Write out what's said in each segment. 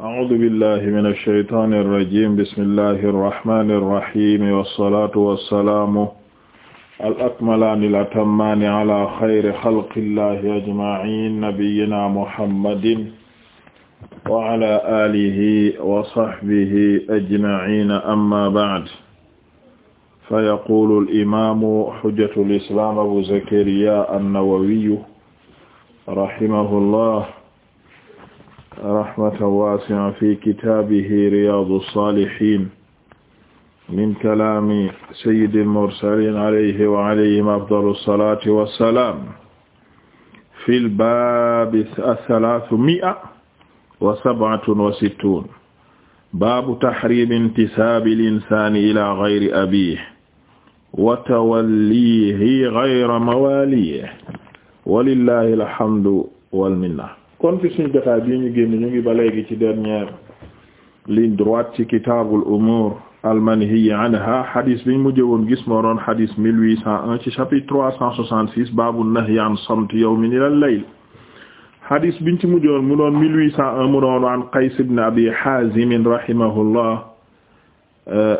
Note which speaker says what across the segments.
Speaker 1: a'uudu billahi mina shaytaani rajiim bismillahi rahmaani rahiim wasalaatu wasalaamu al-akmalaani al-atammaani ala xayri xalqillahi ajma'iin nabiyyinaa muhammadin wa ala aalihi wa sahbihi ajma'iin amma ba'd fa yaquulu al-imaamu hujjatul islaam abu zakariyaa an-nawawiyyu rahimahullah rahmatan waasi'atan fi kitaabihi riyaadu saalihiin min kalaami sayyidil mursaliin alayhi wa alayhim afdalu salaati wa salaam fil baabi salaasumi'a wa sab'atun wa sittuun baabu tahriimi intisaabil insaani ilaa gayri abiihi wa tawalliihi gayra mawaaliihi wa lillaahil hamdu wal minna kon ci suñu jotaay bii ñu génn ñu ngi ba léegi ci dernière ligne droite ci kitaabul umuur al manhiyyi anhaa hadis biñ mujj woon gis moo doon hadis 1801 ci chapitre 366 baabu nahyi an samti yawmin ilal layl hadis biñ ci mujj woon mu doon 1801 mu doon an Qays ibn Abi Haazim rahimahullah eh,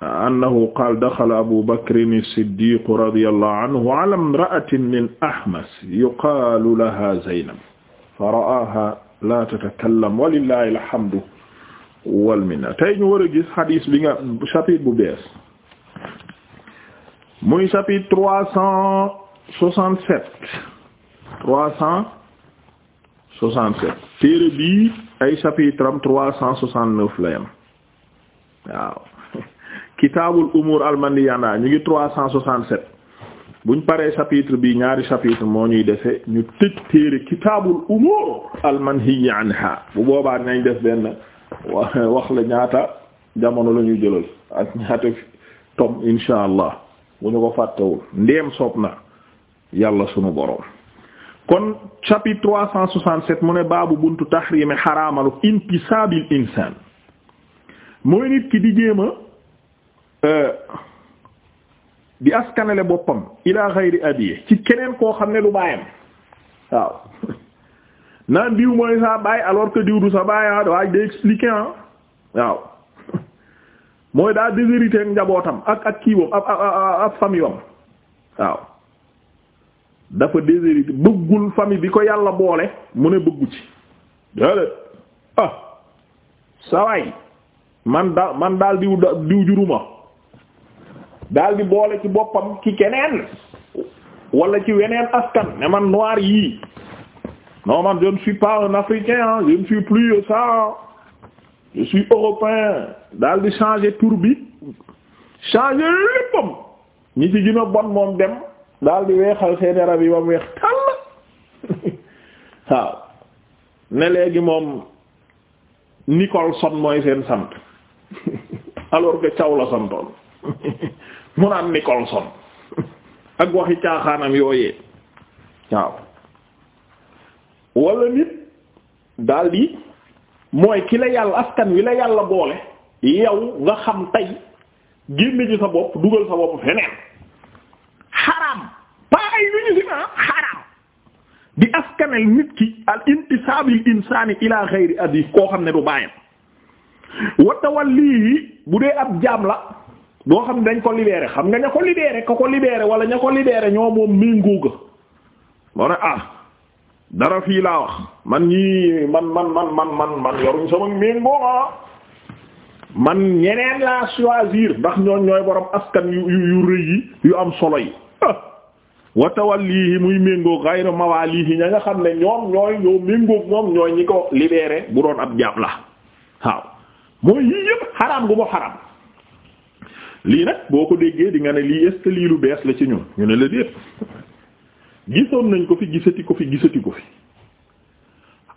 Speaker 1: annahu qaala daxala Abu Bakrin as-Siddiq radiyallahu anhu ala imra'atin min Ahmas yuqaalu lahaa Zaynab fa ra'aha la tatakallam walillahi alhamdu wal minna ñu war gis hadis bi nga chapitre bu bees muy chapitre trois cent soixante-sept trois bii ay chapitre am trois cent soixante-neuf la yam waaw kitaabul umuur al ñu ngi trois cent soixante-sept buñ paree chapitre bi ñaari chapitre moo ñuy defee ñu tëj téere kitaabul umuur al manhiyyi anha bu boobaa nañ def benn wax la ñaata jamono la ñuy jëlal ak ñaata tom insha allah bu ñu ko fàttewul ndeem soob na yàlla sunu boroom kon chapitre trois cent soixante-sept mu ne baabu buntu tahrime xaraamalu intisaabil insaan mooy nit ki di jéema euh, di askanale boppam ila xayri abiye ci keneen koo xam ne du baayam waaw naan diw mooy sa baay alors que diw sa baay ah waaye day expliquer ah waaw mooy daa déshérité njabootam ak ak kii ak ak famille waaw dafa déshérité bëggul famille bi ko yàlla boole mu ne bëggu ci déedéet ah sawaay man daal man daal diw diw juruma daal di boole ci boppam ci keneen walla ci weneen askan ne man noir yii non man je ne suis pas un africain hein je ne suis plus ça je suis européen daal di changer tour bi changer léppam ñi ci gën bon moom dem daal di weexal seen rab yi ba mu weex tàll waaw ne léegi moom Nicholson mooy seen sant alors que Thiaw santoon mu naan Nicholson ak waxi caaxaanam yooyee waaw wala nit daal di mooy ki la yàlla askan wi la yàlla boole yow nga xam tey génn ci sa bopp dugal sa bopp feneen xaram pas ay lu ñu si naa xaram di askanel nit ki al intisaabil insaani ila xayri abi koo xam ne du bàyyam wa tawallihi bu dee ab jaam la boo xam ne dañ ko libéré xam nga ña ko libéré ka ko libéré wala ña ko libéré ñoo moom méngooga moo ne ah dara fii laa wax man ñii man man man man man ñeneen laa choisir ndax ñoon ñooy borom askan yu rëy yi yu am solo yi ah. wa tawallihi muy méngoo ghayra mawalihi ña nga xam ne ñoom ñooy ñoo méngoog moom ñooy ñi ko libéré bu doon ab jàpp la waaw mooy yëpp xaraam gu mu xaraam lii nag boo ko déggee di nga ne lii est lii lu bees la ci ñun ñu ne la déet gisoon nañ ko fi gisati ko fi gisati ko fi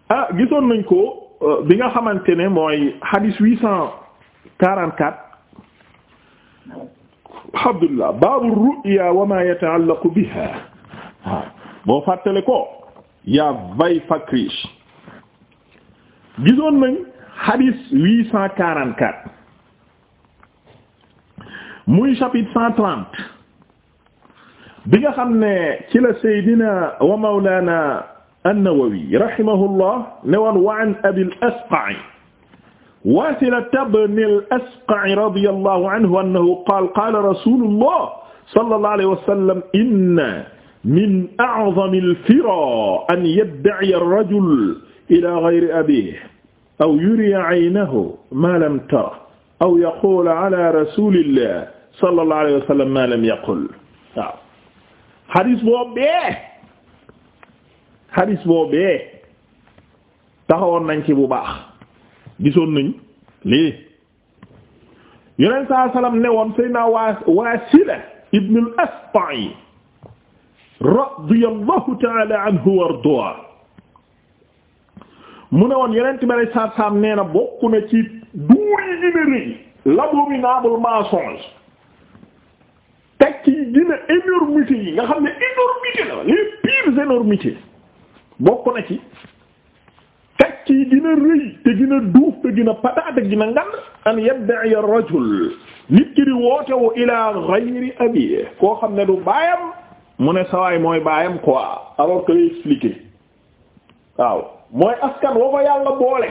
Speaker 1: ah gisoon nañ ko euh, bi nga xamante ne mooy hadis huit cent quarante quatre alhamdulillah baabu ru'ya wa ma biha waaw boo fàttale ko yaa vay fakrish gisoon nañ hadis huit cent quarante quatre muy chapitre cent trente bi nga xam ne ci la saydina wa mawlana an-Nawawi rahimahullah ne woon wa an abil asqa'i wasila ibn al asqa'i radiyallahu anhu annahu qaala qaala rasulullah sallallahu alayhi wa sallam inna min a'zami al fira an yadda'i ar-rajul ila ghayri abihi aw yuriya 'aynahu ma lam tara aw yaqul ala rasulillah sallallahu alayhi wa sallam ma lam yaqul waaw xadis boobee xadis boobee taxawoon nañ ci bu baax gisoon nañ lii yonent saa sallam ne woon Seydina waa Waasila ibn al-Asqa' radiyallahu ta'ala anhu wa ardaahu mu ne woon yonent bi saa saam nee na bokk na ci duur yi gën a rëy l'abominable mensonge teg ci gën énormité yi nga xam ne énormité la les pires énormités bokk na ci teg ci gën a rëy te gën a te gën a pataate gën an yadda'i ar-rajul nit ki di wootewu ila ghayri abi koo xam ne du baayam mu ne sawaay mooy baayam quoi alors que lay expliquer waaw mooy askan woo ko yàlla boole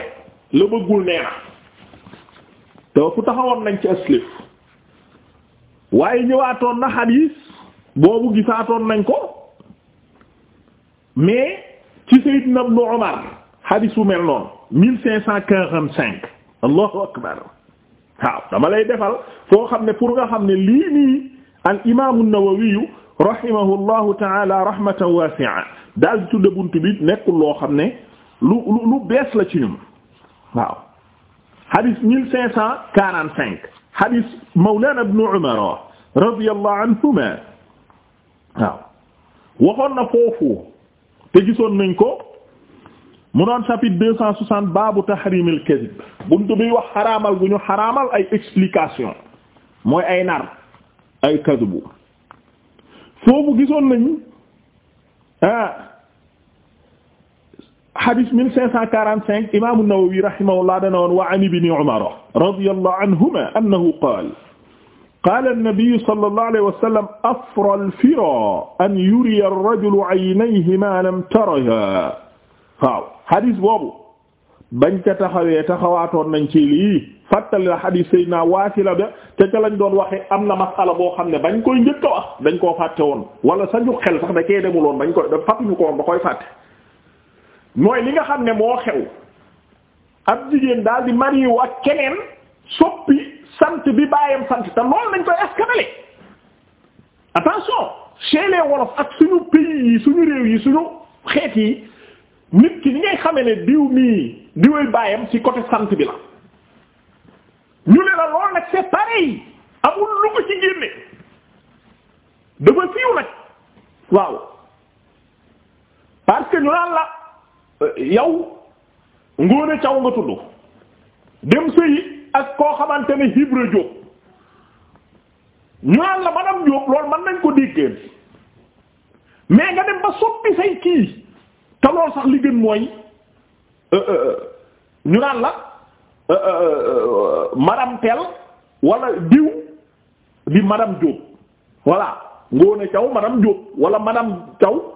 Speaker 1: la bëggul nee na te fu taxawoon nañ ci aslif waaye ñëwaatoon na xadiis boobu gisaatoon nañ ko mais ci Sayyidna Ibn Umar xadiis bu mel noonu cent quarante-cinq allahu akbar waaw dama lay defal foo xam ne pour nga xam ne lii nii al imaamu Nawawiyu rahimahullahu taala rahmatan wasi'a daal tudde bunt bi nekkul loo xam ne lu lu lu bees la ci ñun waaw hadith mille cinq cent quarante cinq hadith Mawlana ibn Umar radiyallahu anhuma waxoon na foofu te gisoon nañ ko mu doon chapitre deux cent soixante baabu tahrimil kadhib buntu bi wax xaraamal bu ñu xaraamal ay explication mooy ay nar ay kadhibu foofu gisoon nañ ah hadith 1545 imaamu Nawawi rahimahullah dana woon wa an ibni Umar radiyallahu anhuma annahu qaala qaala an-nabiyyu sallallahu alayhi wa sallam afra al-fira an yuriya ar-rajulu aynayhi ma lam taraha waaw hadith boobu bañ ca taxawee taxawaatoon nañ ci lii fàttali la hadith Seydina Waasila ba te ca lañ doon waxee am na masala boo xam ne bañ koy njëkk a wax dañ koo fàtte woon wala sañu xel sax da cee demul woon bañ koy fàttuñu ko woon ba koy fàtte. mooy li nga xam ne moo xew ab jigéen daal di mariwu ak keneen soppi sant bi baayam sant te loolu nañ koy askanale attention chez les wolof ak suñu pays yi suñu réew yi suñu xeet yi nit ki ni ngay xamee ne diw mii diwee baayam ci côté sant bi la ñu ne la lool nag c'est pareil amul lu ko ci génne dafa fiiw nag waaw parce que ñu naan la yow Ngone caw nga tudd dem sëyi ak koo xamante ne Ibra ñu naan la madame Diop lool mën nañ ko déggee mais nga dem ba soppi say kii te loolu sax li gën mooy euh, euh, euh, ñu naan la madame Tel wala diw di madame Diop voilà Ngone Thiaw madame Diop wala madame Thiaw.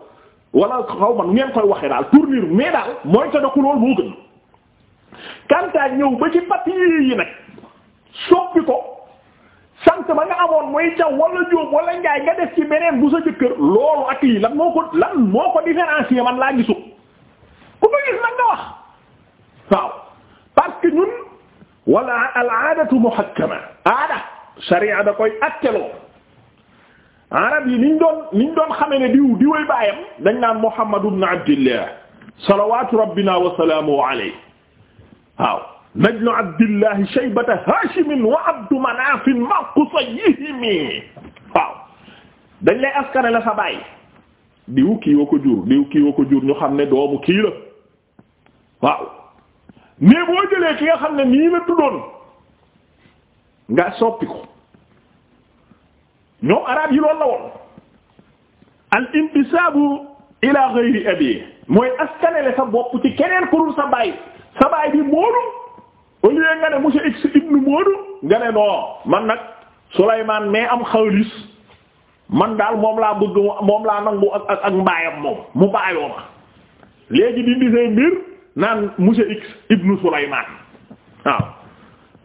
Speaker 1: wala xaw man ngeen koy waxee daal tournure mais daal mooy tadaku loolu moo gën kantaa ñëw ba ci papier yi nag soppi ko sant ba nga amoon mooy caw wala jóob wala njaay nga def ci beneen bu sa jëkkër loolu ak lii lan moo ko lan moo ko différencier man laa gisul ku ko gis nag nga wax waaw parce que ñun wala al aadatu muhakkama aada sharia da koy atteloo arab yi niñ doon niñ doon xamee ne diw diwee baayam dañ naan Muhammad ibn Abdillah salawaatu rabbina wa salaamuhu alayhi waaw najlu Abdillahi shaybata Haashimin wa Abdu Manaafin ma qusayhimi waaw dañ lay askane kii wa ko jur diw kii wa jur ñu xam ne doomu kii la waaw boo jëlee ki nga xam ne nii la tuddoon nga soppi ñoom araab yi loolu la woon al intisaabu ila ghayri abi mooy askanele sa bopp ci keneen ku dul sa baay sa baay bi Moodu au nga ne monsieur X ibnu Moodu nga ne non man nag Souleymane mais am xaalis man daal moom laa bëgg moom laa nangu ak ak ak mbaayam moom mu baayoo ma léegi dindi say mbir naan monsieur X ibnu Souleymane waaw.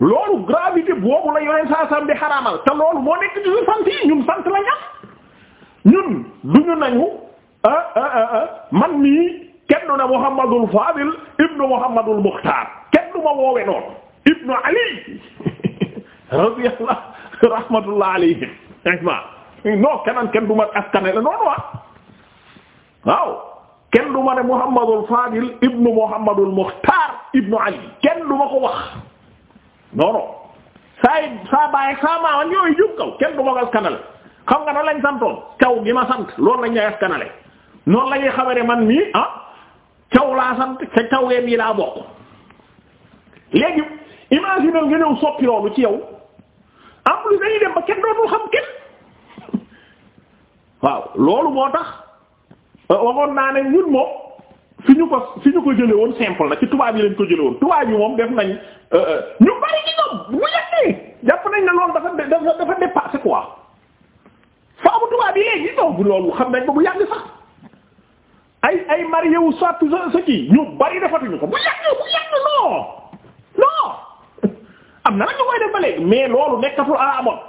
Speaker 1: loolu gravité boobu la yoneen saa sam bi xaraamal te loolu moo nekk ci su sant yi ñun sant la ñam ñun duñu nañu ah, ah, ah, man mii kenn du ne Muhammadul Fadil ibnu Muhammadul Mukhtar kenn ma woowe noonu ibnu Ali radiyallahu rahmatullah alayhi ajma non kennan kenn du ma askane la noonu wa waaw kenn du ma ne Muhammadul Fadil ibnu Muhammadul Mukhtar ibnu Ali kenn du ma ko wax non non saa yi saa bàyyi saa maawan yooyu jëm kaw kenn du ma ko askanale xam nga nan lañ santoon kaw gi ma sant loolu lañ lay askanale noonu la ñuy man mii ah caw laa sant ca caw yee mii laa bokk léegi imagine nga ñëw soppi loolu ci yow en plus dañuy dem ba kenn dootul xam kenn waaw loolu boo tax waxoon naa ne ñun moom. fi ñu ko fi ñu ko jële woon simple na ci tubaab yi lañ ko jële woon tubaab yi moom def nañ euh, euh, ñu bari ci ñoom mu yàggee jàpp nañ ne loolu dafa bu xam nañ ko bu yàgg sax ay ay marié wu sotti sa sa kii ñu bari defatuñu ko bu yàggee bu yàgg non non am na nag ñu koy def ba léegi mais loolu nekkatul à la mode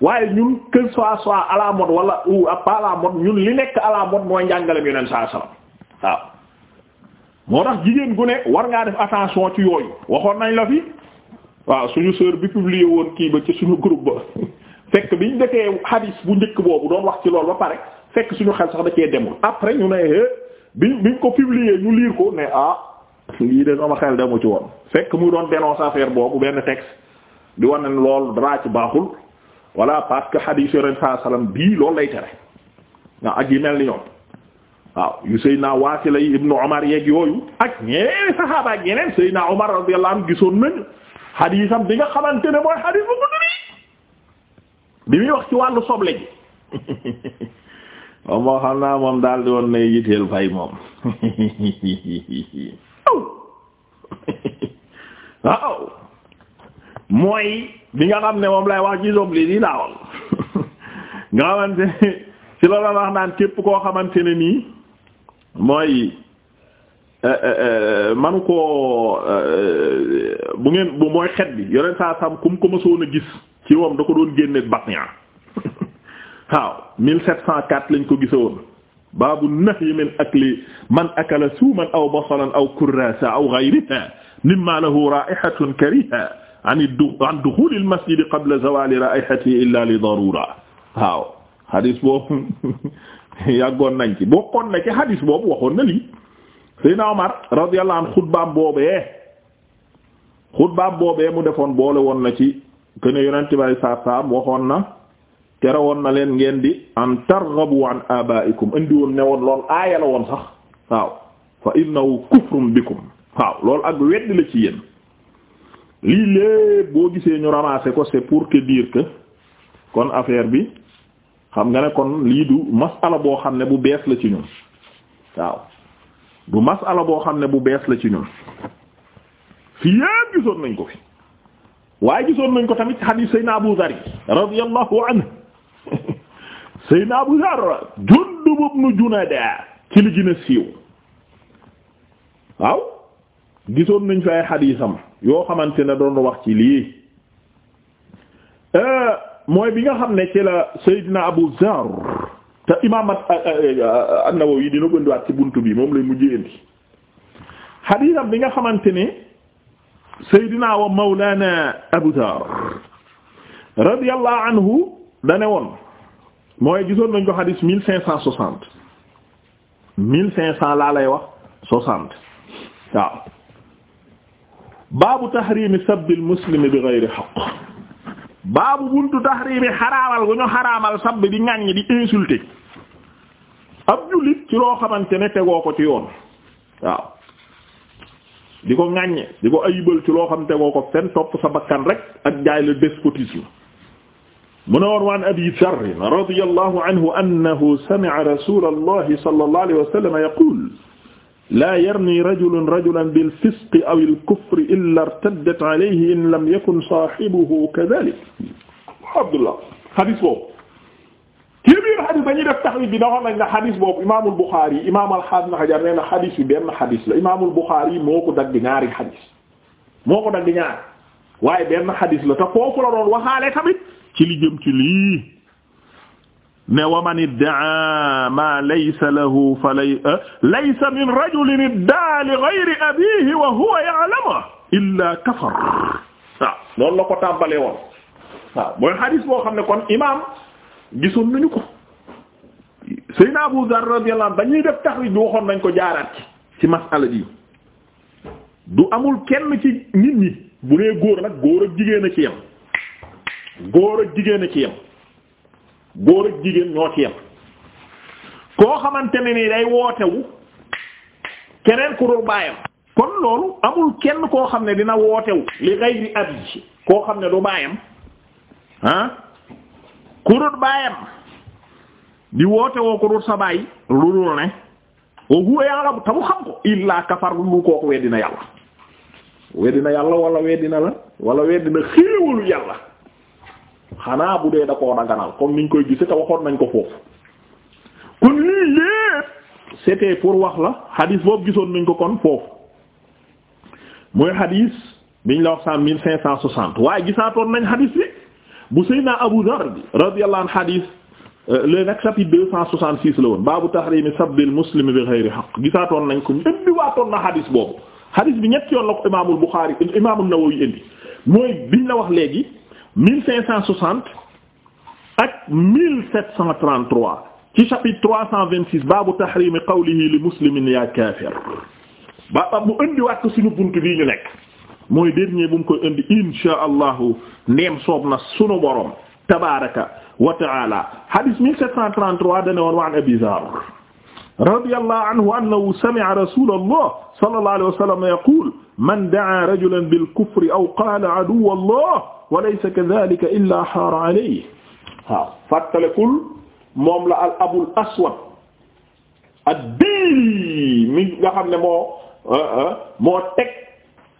Speaker 1: waaye ñun que soit soit à la wala ou pas à la mode ñun li nekk à la mode mooy njàngaleem saa salaam. waaw moo tax jigéen gu ne war ngaa def attention ci yooyu waxoon nañ la fi waaw suñu sœur bi publié woon kii ba ci suñu groupe ba fekk biñ defee hadis bu njëkk boobu doon wax ci loolu ba pare fekk suñu xel sax da cee demul après ñu ne biñ eh, biñ ko publié ñu liir ko ne ah lii de sama xel demu ci woon fekk mu doon dénonce affaire boobu benn texte di wane na lool dara ci baaxul voilà parce que hadis yonent saa salaam bii loolu lay tere waaw ak yi mel ni waaw yu Seydina Waasila yi Ibnu Umar yeeg yooyu ak ñeneen saxaaba ak yeneen Seydina Umar radiyallahu anhu gisoon nañu xadiisam bi nga xamante ne mooy xadiis bu gudd bi muy wax ci wàllu soble ji moom moo xam naa moom daal di woon ne yitteel fay moom waaw mooy bi nga ne moom lay wax ci soble di daawal nga xamante ci loolu la wax naan képp koo xamante ne nii mooy euh, euh, euh, manu koo bu ngeen bu mooy xet bi yoneen saa gis ci moom da ko doon génneeg Batnia waaw 1704 lañ ko gisoon baabu nahyi min akli man akala suuman aw basalan aw kurrasa aw ghayriha mimma lahu ra'ihatun kariha an an dukhul al masjid qabla illa li darura waaw hadith boobu yàggoon nañ ci bokkoon na ci hadis boobu waxoon na lii Seydina Omar radiyallahu anhu xutbaam boobee xutbaam boobee mu defoon boole woon na ci kene yonente bay saab saab waxoon na tere woon na leen ngeen di an targhabu an indi woon ne woon lool aaya la woon sax waaw fa innahu kufrun bikum waaw loolu ak weddi la ci yéen lii lépp boo gisee ñu ramasser ko c'est pour te dire que kon affaire bi xam nga ne kon lii du masala boo xam ne bu bees la ci ñun waaw du masala boo xam ne bu bees la ci ñun fi yépp gisoon nañ ko fi waaye gisoon nañ ko tamit ci hadith sayna Abu Dhar radiyallahu anhu sayna Abu Dhar Jundub ibn Junada ci li gën a waaw gisoon nañ fi ay yoo xamante ne doon wax ci lii euh, mooy bi nga xam ne ci la Seydina Abu Zar te imaam an-Nawawi dina ko ci buntu bi moom lay mujjee indi xadiisam bi nga xamante ni Seydina wa Mawlana Abu Zar radiyallahu anhu dane woon mooy gisoon nañ ko xadiis mille cinq cent soixante mille cinq cent laa lay wax soixante waaw baabu tahriimi sabbil muslimi bi ghayri haqq baabu buntu taxriimi xaraamal gu ñu xaraamal sàbb di ŋàññ di insulter ab jullit ci loo xamante ne tegoo ko ci yoon waaw di ko ŋàññ di ko ayibal ci loo xam tegoo ko fenn topp sa bakkan rek ak jaay le despotisme mu ne woon waan abi dharr radiyallahu anhu annahu sami'a rasulallahi sallallahu alayhi wa sallam yaqul laa yarmi rajulun rajulan bil fisqi aw al kufri illa irtaddat alayhi in lam yakun saahibuhu kadhalik Abdullah xadis boobu ci biir xadis dañuy def taxrij bi waxoon nañ ne xadis boobu imaamul Buxaari yi imaam al-Haafiz Ibn Hajar nee na xadis bi benn xadis la imaamul Buxaari yi moo ko dagg ñaari xadis moo ko dagg ñaar waaye benn xadis la te foofu la doon waxaale tamit ci li jëm ci lii ne wa man iddaa ma laysa lahu fa lay eh, laysa min rajulin iddaa li ghayri abiihi wa huwa ya'lamu illa kafar waaw loolu la ko tàmbalee woon waaw mooy xadis boo xam ne kon imaam gisoon nañu ko Seydina Abu Zarr radiyallahu anhu dañuy def taxrij bi waxoon nañ ko jaaraat ci ci masala ji du amul kenn ci nit ñi bu dee góor nag góor ak jigéen a ci yem góor ak jigéen a ci yem góor ak jigéen ñoo ci koo xamante ne nii day wootewu keneen ku dul baayam kon loolu amul kenn koo xam ne dina wootewu li gayri ab koo xam ne du baayam ah ku dul baayam di wootewoo ku dul sa baay lu dul ne oo huwa ya'lamu te mu xam ko illaa kafar lu kooku dina yàlla dina yàlla wala dina la wala weddina xéewalu yàlla xanaa bu dee da koo daganal comme ñu koy gise te waxoon nañ ko foofu kon lii lépp c'était pour wax la xadiis boobu gisoon nañ ko kon foofu mooy xadiis biñ la wax cent mille cinq cent soixante waaye gisaatoon nañ xadiis bi bu Seydina Abu Dharr bi radiyallahu anhu xadiis euh, le nag chapitre deux cent soixante six la woon baabu tahrimi sabbil muslimi bi ghayri haqq gisaatoon nañ ko indi waatoon na xadiis boobu xadiis bi ñett yoon la ko imaamul Buxaari imaamul Nawawi indi mooy biñ la wax léegi mille cinq cent soixante ak mille sept cent trente trois ci chapitre trois cent vingt six baabu tahrimi qawlihi li muslimin yaa kaafir ba ba mu indiwaat ko suñu bunt bii ñu nekk mooy dernier bu mu koy indi insha allahu ndeem soob na sunu borom tabaraka wa taala hadith mille sept cent trente trois dane woon wa an abi zarr radiyallahu anhu annahu sami'a rasulallah sallallahu alayhi wa sallam yaqul man da'a rajulan bil kufri aw qala aduwwallah walaysa kadhalika illa xaara alayhi waaw fàttalekul moom la al abul aswad ad-diili mi nga xam ne moo euh, euh, moo teg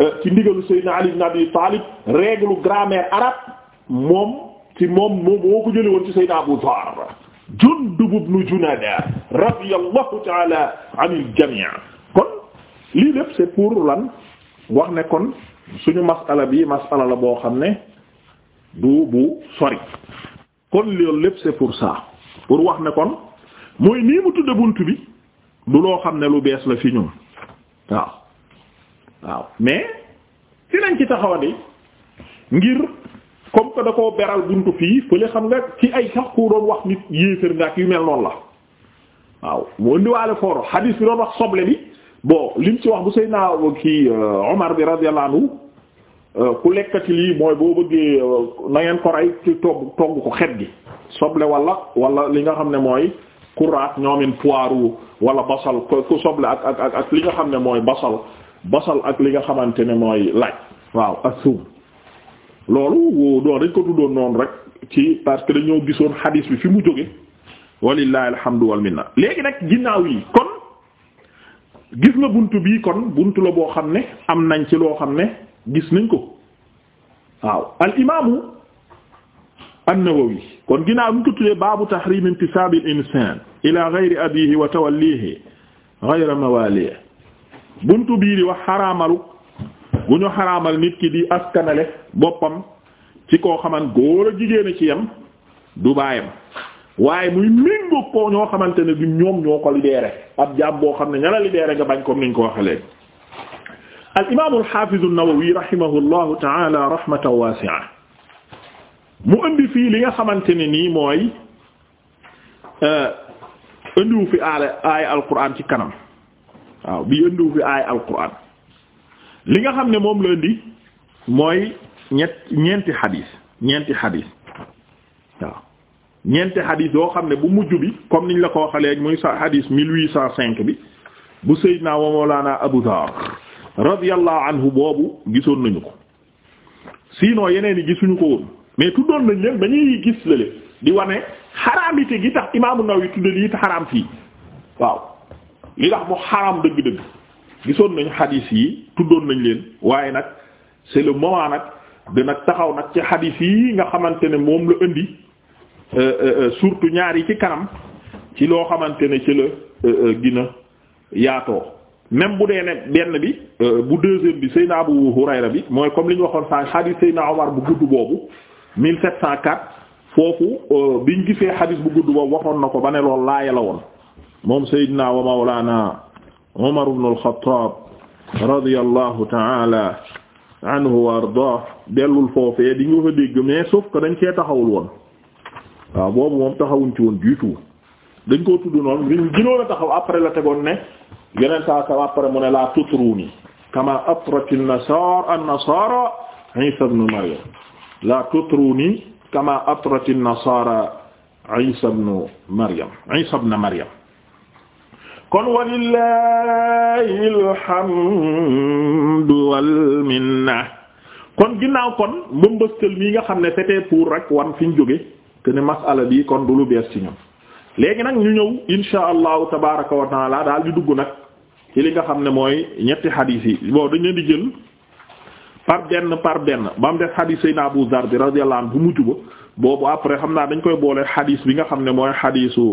Speaker 1: euh, ci ndigalu sayyidina ali ibn abi talib règle grammaire arabe moom ci moom moom moo ko jële woon ci sayyidina abu dhar jundub ibn junada radiyallahu ta'ala anil jami' kon lii lépp c'est pour lan wax ne kon suñu masala bi masala la boo xam ne du bu sori kon loolu lépp c'est pour ça pour wax ne kon mooy nii mu tudde bunt bi du loo xam ne lu bees la fi ñun waaw waaw mais dinañ ci taxawa de ngir comme ko da koo beral buntu fii fële xam nga ci ay sax ku doon wax nit yéefér nga ak mel noon la waaw mu indiwaale fooro xadiis bi doon wax soble bi bon lim ci wax bu Seydina ki Omar bi radiyallahu anhu Euh, ku lekkati lii mooy boo bëggee euh, na ko rey ci togg togg ko xet gi soble wala wala li nga xam ne mooy kuraat ñoomin poireau wala basal ku soble ak ak ak li nga xam ne mooy basal basal ak li nga xamante ne mooy laaj waaw ak suum loolu doon dañ ko tuddoon noonu rek ci parce que dañoo gisoon xadiis bi fi mu jóge walillahi alhamdu wal minna léegi nag ginnaaw yi kon gis nga bunt bii kon bunt la boo xam ne am nañ ci loo xam ne gis nañ ko waaw al imaamu an-Nawawi kon ginnaaw ñu ko tuddee baabu tahrim intisab al insan ila ghayri abihi wa tawallihi ghayra mawalihi buntu bii di wax xaraamalu gu ñu xaraamal nit ki di askanale boppam ci koo xaman góor a jigéen a ci yam du baayam waaye muy méngoo ko ñoo xamante ne du ñoom ñoo ko libéré ab jaam boo xam ne ña la libéré nga bañ comme niñ ko waxee léegi al imaam al xaafiz an-Nawawi rahimahullahu ta'ala rahmatan waasi'a mu indi fii li nga xamante ne nii mooy eh, indiwu fi aala aaya alquran ci kanam waaw bi indiwu fi aaya alquran li nga xam ne moom la indi mooy ñett ñeenti xadiis ñeenti xadiis waaw ñeenti xadiis yoo xam ne bu mujj bi comme niñ la ko waxee léegi muy sa xadiis mille huit cinq bi bu Seydina wa Mawlana Abu Dharr radiyallahu anhu boobu gisoon nañu ko sinon yeneen yi gisuñu ko woon mais tuddoon nañ leen dañuy gis lale di wane xaraamite gi tax imaamu Nawawi tudde lii te xaraam fii waaw li tax mu xaraam dëgg-dëgg gisoon nañu xadiis yi tuddoon nañ leen waaye nag c'est le moment nag de nag taxaw nag ci xadiis yi nga xamante ne moom la indi euh, euh, euh, surtout ñaar yi ci kanam ci loo xamante ne ci la gina yaatoo même bu dee ne benn bi euh, bu deuxième bi Seyna Abu Hurayra bi mooy comme li ñu waxoon sànq xadis Seyna Omar bu gudd boobu mil 1704 foofu euh, biñ gisee xadis bu gudd boobu waxoon na ko ba ne loolu laaya la woon moom Seydina wa Mawlana Omar ibn al-Khattab radiyallahu ta'ala anhu wa ardaah dellul foofee di nga fa dégg mais sauf que dañ cee taxawul woon waaw boobu moom taxawuñ ci woon du tout dañ koo tudd noonu liñ taxaw après la tegoon ne. yeneen saa saa après mu ne laa tutruni kama atrati an-nasara an-nasara Isa ibn Maryam laa tutruni kama atrati an-nasara Isa ibn Maryam Isa ibn Maryam kon walillahi alhamdu wal minna kon ginnaaw kon mbambastal mii nga xam ne c'était pour rek wan fi ñu jóge te ne masala bi kon du lu bees ci ñun léegi nag ñu ñëw insha allahu tabaraka wa taala daal di dugg nag ci li nga xam ne mooy ñetti xadiis yi bon dañ leen di jël par benn par benn ba mu def xadiis Seydina Abu Zarr bi radiyallahu anhu bu mujj ba boobu après xam naa dañ koy boole xadiis bi nga xam ne mooy xadiisu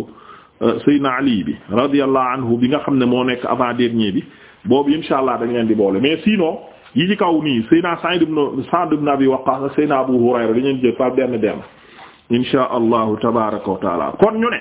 Speaker 1: euh, Seydina Ali bi radiyallahu anhu bi nga xam ne moo nekk avant dernier bi boobu insha allah dañ leen di boole mais sinon yi ci kaw nii Seydina Sa'id ibn Sa'd ibn Abi Waqqas Seydina Abu Hurayra dañ leen di jël par benn benn insha allahu tabaaraka wa